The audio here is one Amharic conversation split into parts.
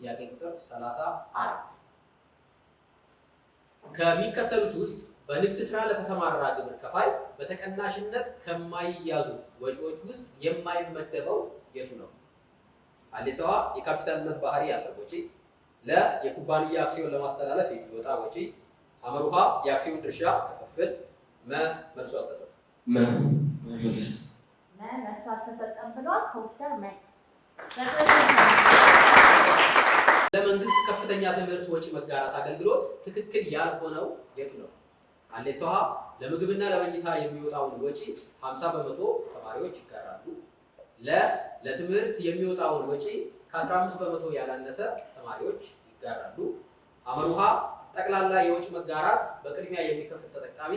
ጥያቄ ቁጥር 34 ከሚከተሉት ውስጥ በንግድ ስራ ለተሰማራ ግብር ከፋይ በተቀናሽነት ከማይያዙ ወጪዎች ውስጥ የማይመደበው የቱ ነው? አሌታዋ የካፒታልነት ባህሪ ያለው ወጪ፣ ለ የኩባንያ አክሲዮን ለማስተላለፍ የሚወጣ ወጪ፣ አመሩሃ የአክሲዮን ድርሻ ክፍፍል፣ መ መልሶ አልተሰጠም። መ መልሶ አልተሰጠም ብሏል ኮምፒውተር መልስ ለመንግስት ከፍተኛ ትምህርት ወጪ መጋራት አገልግሎት ትክክል ያልሆነው የቱ ነው? ሀሌታ ሀ ለምግብና ለመኝታ የሚወጣውን ወጪ 50 በመቶ ተማሪዎች ይጋራሉ። ለ ለትምህርት የሚወጣውን ወጪ ከ15 በመቶ ያላነሰ ተማሪዎች ይጋራሉ። አመሩሃ ጠቅላላ የወጪ መጋራት በቅድሚያ የሚከፍል ተጠቃሚ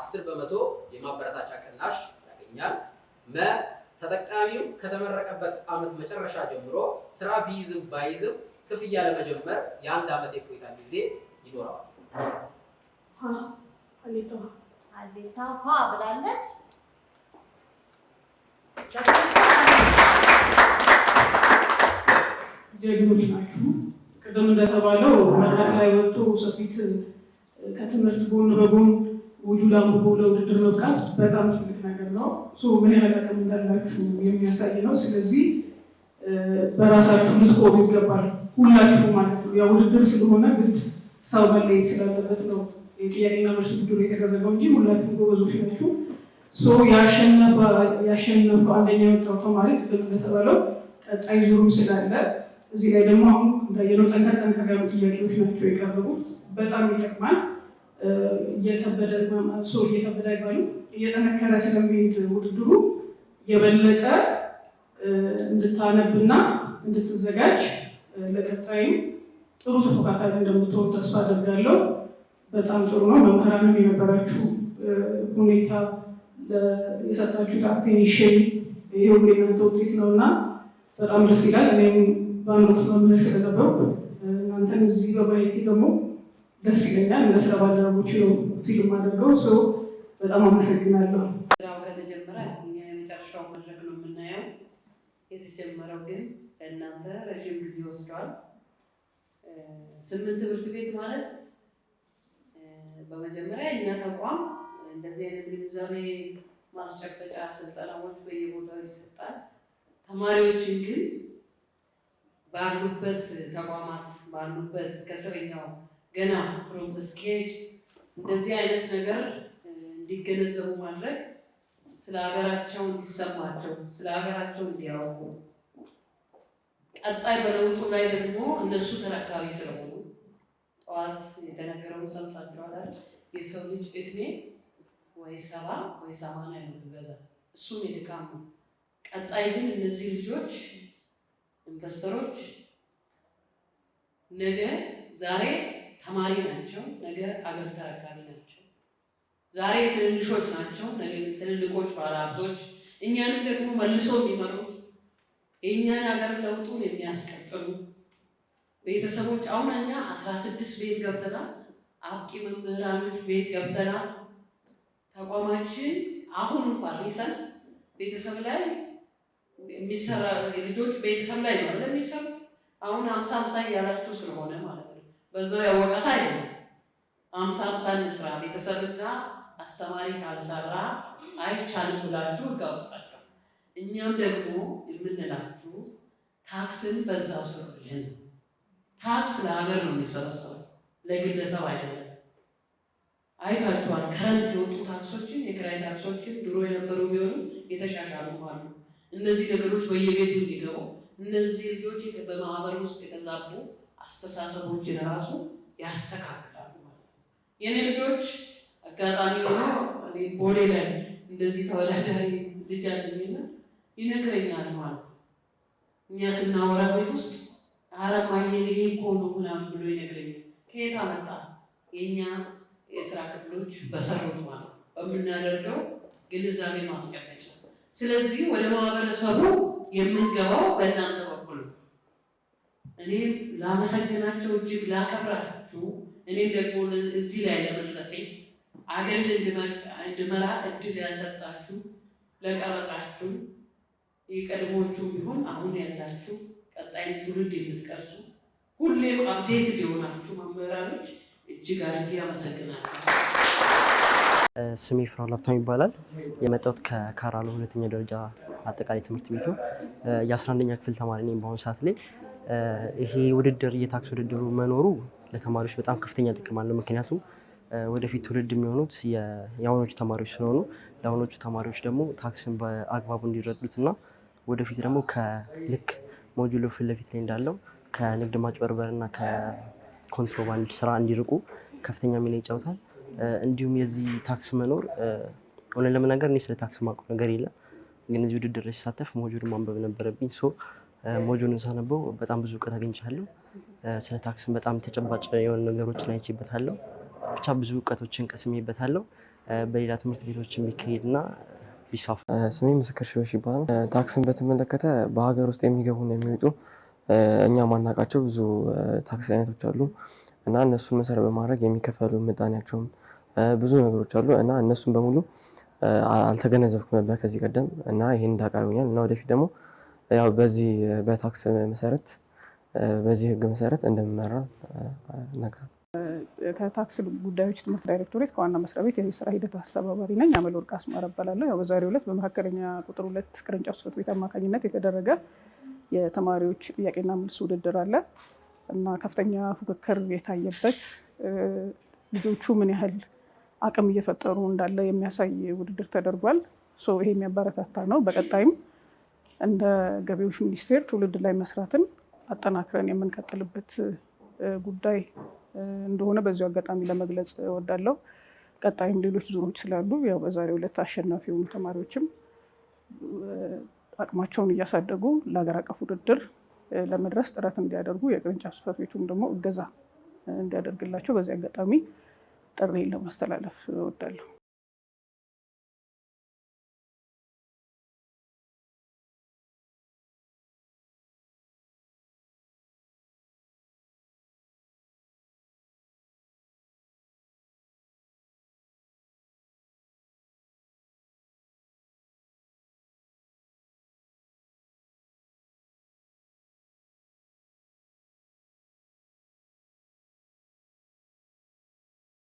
10 በመቶ የማበረታቻ ቅናሽ ያገኛል። መ ተጠቃሚው ከተመረቀበት ዓመት መጨረሻ ጀምሮ ስራ ቢይዝም ባይዝም ክፍያ ለመጀመር የአንድ ዓመት የፎይታ ጊዜ ይኖረዋል። ብላለች። ጀግኖች ናችሁ። ቅድም እንደተባለው መድረክ ላይ ወጥቶ ሰፊት ከትምህርት ጎን በጎን ውጁድ አንብቦ ለውድድር መብቃት በጣም ትልቅ ነገር ነው። ምን ያህል እንዳላችሁ የሚያሳይ ነው። ስለዚህ በራሳችሁ ልትቆሙ ይገባል። ሁላችሁ ማለት ነው። ያው ውድድር ስለሆነ ግድ ሰው መለየት ስላለበት ነው የጥያቄና መልስ ውድድር የተደረገው እንጂ ሁላችሁ ጎበዞች ናችሁ። ያሸነፈ አንደኛ የወጣው ተማሪ ክፍል እንደተባለው ቀጣይ ዙሩም ስላለ እዚህ ላይ ደግሞ አሁን እንዳየነው ጠንከር ጠንከር ያሉ ጥያቄዎች ናቸው የቀረቡት። በጣም ይጠቅማል። እየከበደ ሰው እየከበደ አይባሉ እየጠነከረ ስለሚሄድ ውድድሩ የበለጠ እንድታነብና እንድትዘጋጅ ለቀጣይም ጥሩ ተፎካካሪ እንደምትሆን ተስፋ አደርጋለሁ። በጣም ጥሩ ነው። መምህራንም የነበራችሁ ሁኔታ የሰጣችሁት አቴንሽን ይሄ ሁሉ የእናንተ ውጤት ነው እና በጣም ደስ ይላል። እኔም በአንድ ወቅት መምህር ስለነበሩ እናንተን እዚህ በማየቴ ደግሞ ደስ ይለኛል። እንደ ስራ ባልደረቦች ነው ፊልም አድርገው ሰው በጣም አመሰግናለሁ። ስራው ከተጀመረ የመጨረሻው መድረክ ነው የምናየው የተጀመረው ግን ለእናንተ ረዥም ጊዜ ወስደዋል። ስምንት ትምህርት ቤት ማለት በመጀመሪያ እኛ ተቋም እንደዚህ አይነት ግንዛቤ ማስጨበጫ ስልጠናዎች በየቦታው ይሰጣል። ተማሪዎችን ግን ባሉበት ተቋማት ባሉበት ከስረኛው ገና ፍሮም ዘ ስኬጅ እንደዚህ አይነት ነገር እንዲገነዘቡ ማድረግ ስለ ሀገራቸው እንዲሰማቸው ስለ ሀገራቸው እንዲያውቁ ቀጣይ በለውጡ ላይ ደግሞ እነሱ ተረካቢ ስለሆኑ ጠዋት የተነገረውን ሰምታችኋል። የሰው ልጅ እድሜ ወይ ሰባ ወይ ሰማንያ ነው ይበዛል። እሱም የድካም ነው። ቀጣይ ግን እነዚህ ልጆች ኢንቨስተሮች ነገ ዛሬ ተማሪ ናቸው፣ ነገ አገር ተረካቢ ናቸው። ዛሬ ትንንሾች ናቸው፣ ነገ ትልልቆች ባለሀብቶች እኛንም ደግሞ መልሶ የሚመሩ የእኛን ሀገር ለውጡን የሚያስቀጥሉ ቤተሰቦች አሁን እኛ አስራ ስድስት ቤት ገብተናል። አብቂ መምህራኖች ቤት ገብተናል። ተቋማችን አሁን እንኳን ሪሰንት ቤተሰብ ላይ የሚሰራ ልጆች ቤተሰብ ላይ ነው የሚሰሩ አሁን አምሳ አምሳ እያላችሁ ስለሆነ ማለት ነው። በዛው ያወቀሳ አይነ አምሳ ሀምሳ እንስራ ቤተሰብና አስተማሪ ካልሰራ አይቻልም ብላችሁ ጋውጣል እኛም ደግሞ የምንላችሁ ታክስን በዛው ስሩልን። ታክስ ለሀገር ነው የሚሰበሰበው፣ ለግለሰብ አይደለም። አይታችኋል፣ ከረንት የወጡ ታክሶችን፣ የክራይ ታክሶችን ድሮ የነበሩ ቢሆኑ የተሻሻሉ አሉ። እነዚህ ነገሮች በየቤቱ እንዲገቡ እነዚህ ልጆች በማህበር ውስጥ የተዛቡ አስተሳሰቦችን ራሱ ያስተካክላሉ ማለት ነው። የኔ ልጆች አጋጣሚ ሆኖ ቦሌ ላይ እንደዚህ ተወዳዳሪ ልጅ አለኝና ይነግረኛል ማለት ነው። እኛ ስናወራ ቤት ውስጥ አረማየ ልይ ነው ምናምን ብሎ ይነግረኛል። ከየት አመጣ? የእኛ የስራ ክፍሎች በሰሩት ማለት ነው፣ በምናደርገው ግንዛቤ ማስቀመጫ። ስለዚህ ወደ ማህበረሰቡ የምንገባው በእናንተ በኩል ነው። እኔም ላመሰግናቸው እጅግ ላከብራችሁ፣ እኔም ደግሞ እዚህ ላይ ለመድረሴ አገርን እንድመራ እድል ያሰጣችሁ ለቀረጻችሁ የቀድሞቹ ቢሆን አሁን ያላችሁ ቀጣይ ትውልድ የምትቀርሱ ሁሌም አፕዴትድ የሆናችሁ መምህራኖች እጅግ አድርጌ አመሰግናለሁ። ስሜ ፍራው ሀብታሙ ይባላል። የመጣሁት ከካራሎ ሁለተኛ ደረጃ አጠቃላይ ትምህርት ቤት ነው። የአስራአንደኛ ክፍል ተማሪ ነኝ በአሁኑ ሰዓት ላይ። ይሄ ውድድር የታክስ ውድድሩ መኖሩ ለተማሪዎች በጣም ከፍተኛ ጥቅም አለው። ምክንያቱም ወደፊት ትውልድ የሚሆኑት የአሁኖቹ ተማሪዎች ስለሆኑ ለአሁኖቹ ተማሪዎች ደግሞ ታክስን በአግባቡ እንዲረዱት እንዲረዱትና ወደፊት ደግሞ ከልክ ሞጁሎ ፊት ለፊት ላይ እንዳለው ከንግድ ማጭበርበር እና ከኮንትሮባንድ ስራ እንዲርቁ ከፍተኛ ሚና ይጫወታል። እንዲሁም የዚህ ታክስ መኖር ሆነ ለመናገር እኔ ስለ ታክስ ማውቀው ነገር የለም፣ ግን እዚህ ውድድር ላይ ሲሳተፍ ሞጁን ማንበብ ነበረብኝ። ሶ ሞጁን ሳነበው በጣም ብዙ እውቀት አግኝቻለሁ። ስለ ታክስን በጣም ተጨባጭ የሆኑ ነገሮችን አይቼበታለሁ። ብቻ ብዙ እውቀቶችን ቀስሜበታለሁ። በሌላ ትምህርት ቤቶች የሚካሄድ እና ቢስፋፋ። ስሜ ምስክር ሽበሽ ይባላል። ታክስን በተመለከተ በሀገር ውስጥ የሚገቡና የሚወጡ እኛ ማናቃቸው ብዙ ታክስ አይነቶች አሉ እና እነሱን መሰረት በማድረግ የሚከፈሉ ምጣኔያቸውም ብዙ ነገሮች አሉ እና እነሱን በሙሉ አልተገነዘብኩም ነበር ከዚህ ቀደም እና ይህን እንዳቀርብኛል እና ወደፊት ደግሞ ያው በዚህ በታክስ መሰረት በዚህ ህግ መሰረት እንደምመራ ነገር ከታክስ ጉዳዮች ትምህርት ዳይሬክቶሬት ከዋና መስሪያ ቤት የስራ ሂደት አስተባባሪ ነኝ። አመለወርቅ አስማረ እባላለሁ። ያው በዛሬው ዕለት በመካከለኛ ቁጥር ሁለት ቅርንጫፍ ጽሕፈት ቤት አማካኝነት የተደረገ የተማሪዎች ጥያቄና መልስ ውድድር አለ እና ከፍተኛ ፉክክር የታየበት ልጆቹ ምን ያህል አቅም እየፈጠሩ እንዳለ የሚያሳይ ውድድር ተደርጓል። ይሄ የሚያበረታታ ነው። በቀጣይም እንደ ገቢዎች ሚኒስቴር ትውልድ ላይ መስራትን አጠናክረን የምንቀጥልበት ጉዳይ እንደሆነ በዚሁ አጋጣሚ ለመግለጽ እወዳለሁ። ቀጣይም ሌሎች ዙሮች ስላሉ ያው በዛሬው ዕለት አሸናፊ የሆኑ ተማሪዎችም አቅማቸውን እያሳደጉ ለሀገር አቀፍ ውድድር ለመድረስ ጥረት እንዲያደርጉ የቅርንጫፍ ጽሕፈት ቤቱም ደግሞ እገዛ እንዲያደርግላቸው በዚህ አጋጣሚ ጥሪ ለማስተላለፍ እወዳለሁ።